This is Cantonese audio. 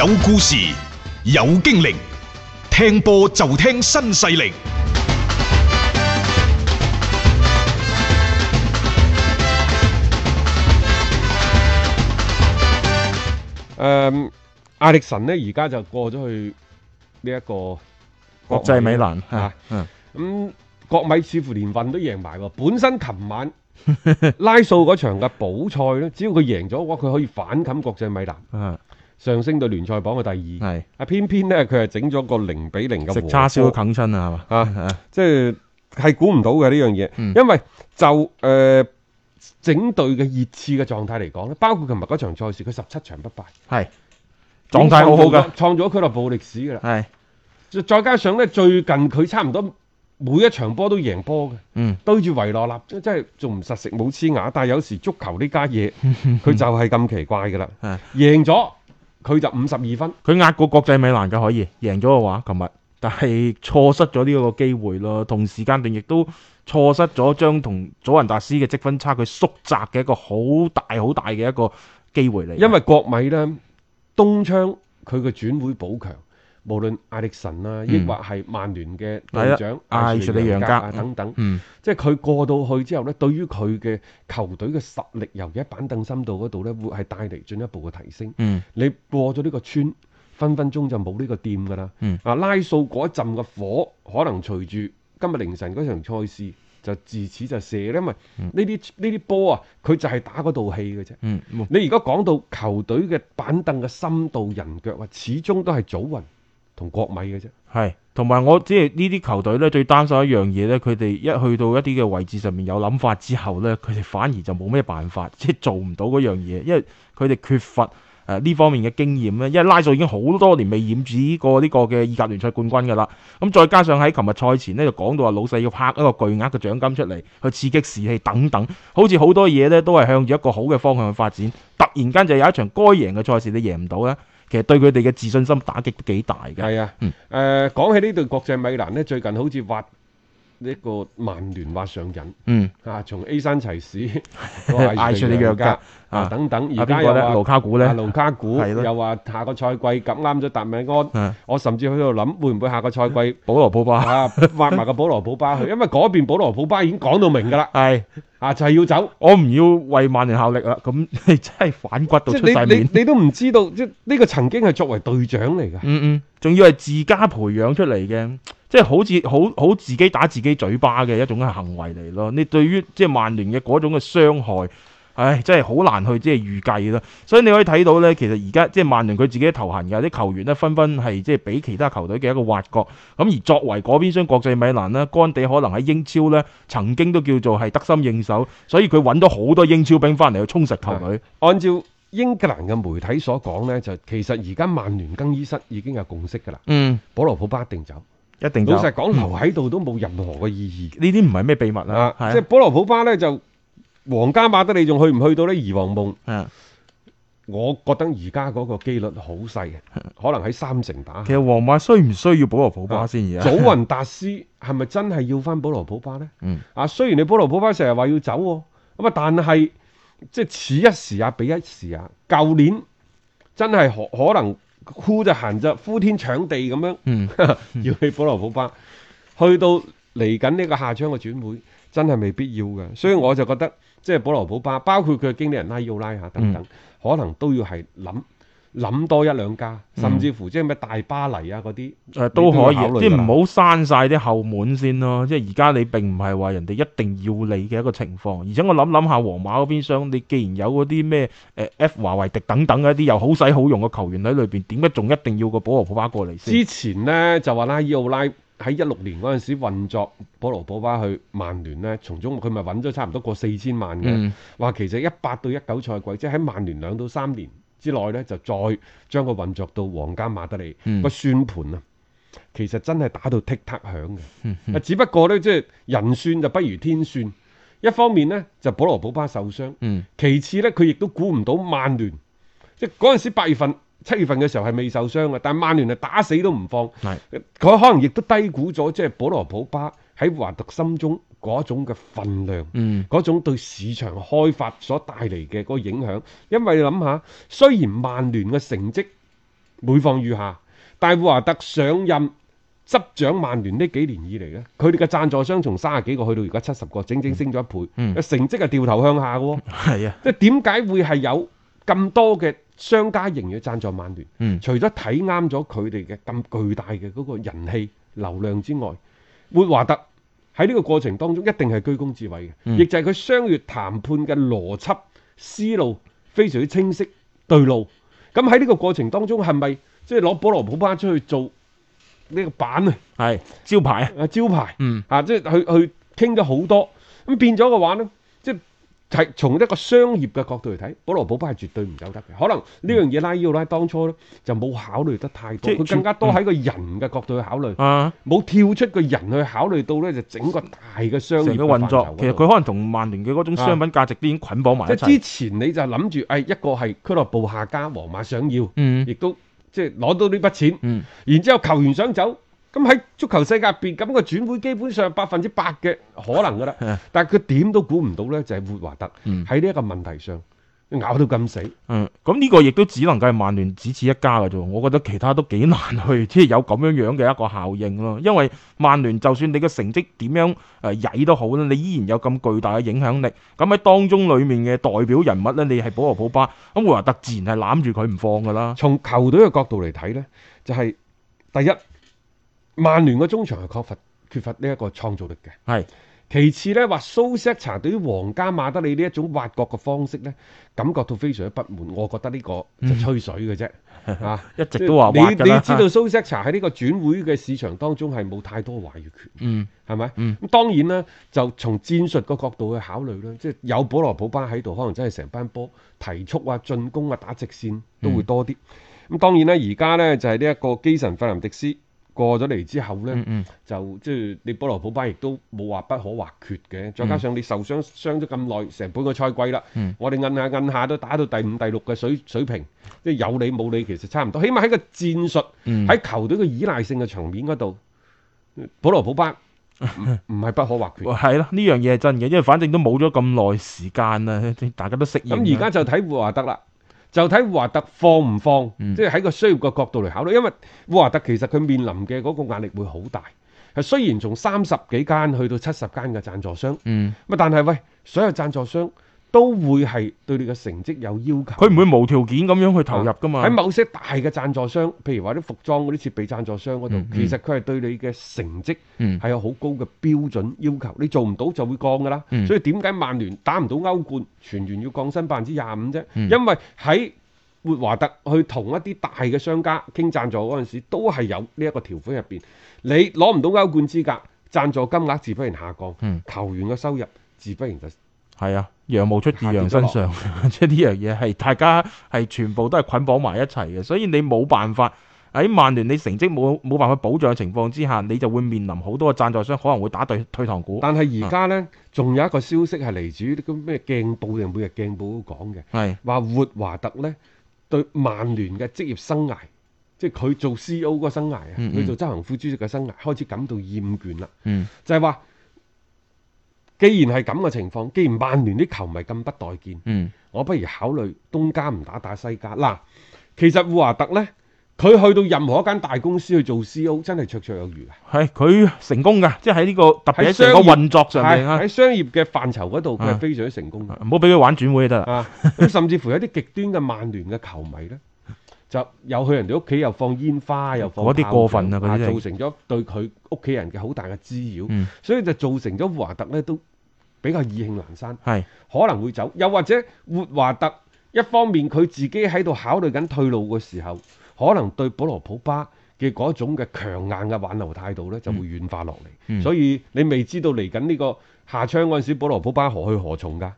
有故事，有經歷，聽波就聽新勢力。誒，艾力神咧，而家就過咗去呢一個國際米蘭吓。嗯。咁國米似乎連運都贏埋喎。本身琴晚拉素嗰場嘅補賽咧，只要佢贏咗，我佢可以反冚國際米蘭。嗯。上升到聯賽榜嘅第二，係啊，偏偏咧佢係整咗個零比零嘅和，食叉燒都啃親啊，係嘛，啊即係係估唔到嘅呢樣嘢，因為就誒整隊嘅熱刺嘅狀態嚟講咧，包括琴日嗰場賽事，佢十七場不敗，係狀態好好嘅，創咗俱樂部歷史嘅啦，係，再加上咧最近佢差唔多每一場波都贏波嘅，嗯，對住維諾納即係仲唔實食冇黐牙，但係有時足球呢家嘢佢就係咁奇怪嘅啦，啊，贏咗。佢就五十二分，佢壓過國際米蘭嘅可以，贏咗嘅話，琴日，但係錯失咗呢個機會咯，同時間段亦都錯失咗將同祖雲達斯嘅積分差距縮窄嘅一個好大好大嘅一個機會嚟。因為國米咧，冬窗佢嘅轉會補強。無論艾力神啊，抑或係曼聯嘅隊長艾帥李揚格啊等等，即係佢過到去之後咧，對於佢嘅球隊嘅實力，尤其喺板凳深度嗰度咧，會係帶嚟進一步嘅提升。你過咗呢個村，分分鐘就冇呢個店噶啦。啊，拉素嗰一陣嘅火，可能隨住今日凌晨嗰場賽事，就自此就射咧，因為呢啲呢啲波啊，佢就係打嗰道氣嘅啫。你如果講到球隊嘅板凳嘅深度人腳啊，始終都係早運。同國米嘅啫，係同埋我即係呢啲球隊咧，最擔心一樣嘢咧，佢哋一去到一啲嘅位置上面有諗法之後咧，佢哋反而就冇咩辦法，即係做唔到嗰樣嘢，因為佢哋缺乏誒呢方面嘅經驗咧。因為拉素已經好多年未染指過呢個嘅意甲聯賽冠軍噶啦，咁再加上喺琴日賽前咧就講到話老細要拍一個巨額嘅獎金出嚟去刺激士氣等等，好似好多嘢咧都係向住一個好嘅方向去發展。突然間就有一場該贏嘅賽事你贏唔到咧。其實對佢哋嘅自信心打擊都幾大嘅。係啊，誒、呃、講起呢隊國際米蘭咧，最近好似話。呢一個曼聯挖上癮，嗯，啊，從 A 三齊市嗌出你腳架啊，等等，而家話盧卡古。咧、啊，盧卡古又話下個賽季咁啱咗達米安，我甚至喺度諗會唔會下個賽季保羅普巴 啊挖埋個保羅普巴去，因為嗰邊保羅普巴已經講到明噶啦，係的啊就係、是、要走，我唔要為曼聯效力啦，咁你真係反骨到出晒面，你你你都唔知道，即、就、呢、是、個曾經係作為隊長嚟噶，嗯嗯，仲要係自家培養出嚟嘅。即係好似好好自己打自己嘴巴嘅一種嘅行為嚟咯。你對於即係曼聯嘅嗰種嘅傷害，唉，真係好難去即係預計咯。所以你可以睇到呢，其實而家即係曼聯佢自己頭痕嘅啲球員呢，紛紛係即係俾其他球隊嘅一個挖角。咁而作為嗰邊廂國際米蘭呢，乾地可能喺英超呢曾經都叫做係得心應手，所以佢揾到好多英超兵翻嚟去充實球隊。按照英格蘭嘅媒體所講呢，就其實而家曼聯更衣室已經有共識噶啦。嗯，保羅普巴一定走。一定老實講，留喺度都冇任何嘅意義。呢啲唔係咩秘密啦，啊。啊啊，即係保羅普巴咧，就皇家馬德里仲去唔去到呢？二王夢，我覺得而家嗰個幾率好細嘅，可能喺三成打。 其實皇馬需唔需要保羅普巴先而，啊？祖雲達斯係咪真係要翻保羅普巴咧？嗯， 啊，雖然你保羅普巴成日話要走，咁啊，但係即係此一時啊，彼一時啊。舊年真係可能。呼就行就呼天搶地咁樣，要去、嗯、 保羅保巴， 去到嚟緊呢個夏窗嘅轉會，真係未必要嘅，所以我就覺得即係、就是、保羅保巴，包括佢嘅經理人拉要拉下等等，嗯、可能都要係諗。諗多一兩家，甚至乎即係咩大巴黎啊嗰啲，誒都可以，即係唔好閂晒啲後門先咯。即係而家你並唔係話人哋一定要你嘅一個情況。而且我諗諗下，皇馬嗰邊想你，既然有嗰啲咩誒 F 華維迪等等嘅一啲又好使好用嘅球員喺裏邊，點解仲一定要個保羅普巴過嚟先？之前咧就話拉伊奧拉喺一六年嗰陣時運作保羅普巴去曼聯咧，從中佢咪揾咗差唔多過四千萬嘅，話其實一八到一九賽季即係喺曼聯兩到三年。之內咧，就再將個運作到皇家馬德里個算盤啊，其實真係打到剔 i c 響嘅。嗯嗯、只不過咧，即、就、係、是、人算就不如天算。一方面咧，就保羅普巴受傷；嗯、其次咧，佢亦都估唔到曼聯，即係嗰陣時八月份、七月份嘅時候係未受傷嘅，但係曼聯啊打死都唔放。係，佢可能亦都低估咗，即、就、係、是、保羅普巴喺華特心中。嗰種嘅分量，嗯，嗰種對市場開發所帶嚟嘅嗰個影響。因為你諗下，雖然曼聯嘅成績每況愈下，但係沃華特上任執掌曼聯呢幾年以嚟咧，佢哋嘅贊助商從三十幾個去到而家七十個，整整升咗一倍。嗯，成績係掉頭向下嘅喎。係啊，嗯，即係點解會係有咁多嘅商家仍然贊助曼聯？嗯，除咗睇啱咗佢哋嘅咁巨大嘅嗰個人氣流量之外，沃華特。喺呢個過程當中一定係居功至偉嘅，亦、嗯、就係佢商業談判嘅邏輯思路非常之清晰對路。咁喺呢個過程當中係咪即係攞保羅普巴出去做呢個版呢？係招牌啊！招牌，招牌嗯嚇，即係佢佢傾咗好多，咁變咗嘅話咧。就係從一個商業嘅角度嚟睇，保羅保巴係絕對唔走得嘅。可能呢樣嘢拉伊奧拉當初咧就冇考慮得太多，佢即係更加多喺個人嘅角度去考慮，冇、嗯、跳出個人去考慮到咧就整個大嘅商業嘅運作。其實佢可能同曼聯嘅嗰種商品價值都已經捆綁埋一齊，即係、嗯嗯嗯、之前你就諗住，誒、哎、一個係俱樂部下家，皇馬想要，亦都即係攞到呢筆錢，嗯、然之後球員想走。咁喺足球世界入邊，咁、那個轉會基本上百分之百嘅可能噶啦。啊、但係佢點都估唔到呢，就係、是、活華特喺呢一個問題上咬到咁死。嗯，咁呢個亦都只能夠係曼聯只此一家噶啫。我覺得其他都幾難去，即、就、係、是、有咁樣樣嘅一個效應咯。因為曼聯就算你嘅成績點樣誒曳都好啦，你依然有咁巨大嘅影響力。咁喺當中裏面嘅代表人物呢，你係保羅普巴，咁活華特自然係攬住佢唔放噶啦。從球隊嘅角度嚟睇呢，就係、是、第一。曼聯個中場係缺乏缺乏呢一個創造力嘅，係是其次咧。話蘇塞茶對於皇家馬德里呢一種挖角嘅方式咧，感覺到非常之不滿。我覺得呢個就吹水嘅啫，嗯、啊一直都話挖㗎啦。你你知道蘇塞茶喺呢個轉會嘅市場當中係冇太多話語權，嗯係咪？嗯咁當然啦，就從戰術個角度去考慮啦，即、就、係、是、有保羅普巴喺度，可能真係成班波提速啊、進攻啊、打直線都會多啲。咁、嗯嗯、當然啦，而家咧就係呢一個基神費南迪斯。過咗嚟之後咧、嗯嗯，就即係你保羅普巴亦都冇話不可或缺嘅，再加上你受傷傷咗咁耐，成半個賽季啦。嗯、我哋摁下摁下都打到第五、第六嘅水水平，即係有你冇你其實差唔多，起碼喺個戰術喺、嗯、球隊嘅依賴性嘅層面嗰度，保羅普巴唔係不，不可或缺。係咯、 呃，呢樣嘢係真嘅，因為反正都冇咗咁耐時間啦，大家都適應。咁而家就睇華德啦。就睇沃華特放唔放，嗯、即係喺個需要個角度嚟考慮，因為沃華特其實佢面臨嘅嗰個壓力會好大。係雖然從三十幾間去到七十間嘅贊助商，咁、嗯、但係喂，所有贊助商，都會係對你嘅成績有要求，佢唔會無條件咁樣去投入㗎嘛。喺、啊、某些大嘅贊助商，譬如話啲服裝嗰啲設備贊助商嗰度，嗯、其實佢係對你嘅成績係有好高嘅標準要求。嗯、你做唔到就會降㗎啦。嗯、所以點解曼聯打唔到歐冠，全員要降薪百分之廿五啫？嗯、因為喺活華特去同一啲大嘅商家傾贊助嗰陣時，都係有呢一個條款入邊，你攞唔到歐冠資格，贊助金額自不然下降，球員嘅收入自不然就。係啊，羊毛出自羊身上，即係呢樣嘢，係大家係全部都係捆綁埋一齊嘅，所以你冇辦法喺曼聯你成績冇冇辦法保障嘅情況之下，你就會面臨好多嘅贊助商可能會打退退堂鼓。但係而家呢，仲有一個消息係嚟自啲咩鏡報定每日鏡報都講嘅，係話活華特呢對曼聯嘅職業生涯，即係佢做 C.O. 嗰個生涯啊，佢做執行副主席嘅生涯、嗯、開始感到厭倦啦。嗯，就係話。既然係咁嘅情況，既然曼聯啲球迷咁不待見，嗯，我不如考慮東家唔打打西家嗱，啊。其實沃華特呢，佢去到任何一間大公司去做 CEO 真係綽綽有餘，係佢成功噶，即係喺呢個特別喺成個運作上邊喺商業嘅範疇嗰度佢係非常之成功。唔好俾佢玩轉會得啦，咁甚至乎有啲極端嘅曼聯嘅球迷呢，就又去人哋屋企又放煙花又放嗰啲過分啊，造成咗對佢屋企人嘅好大嘅滋擾，嗯，所以就造成咗沃華特呢都。比較意興闌珊，係是可能會走，又或者活華特一方面佢自己喺度考慮緊退路嘅時候，可能對保羅普巴嘅嗰種嘅強硬嘅挽留態度咧就會軟化落嚟，嗯嗯、所以你未知道嚟緊呢個夏窗嗰陣時，保羅普巴何去何從㗎？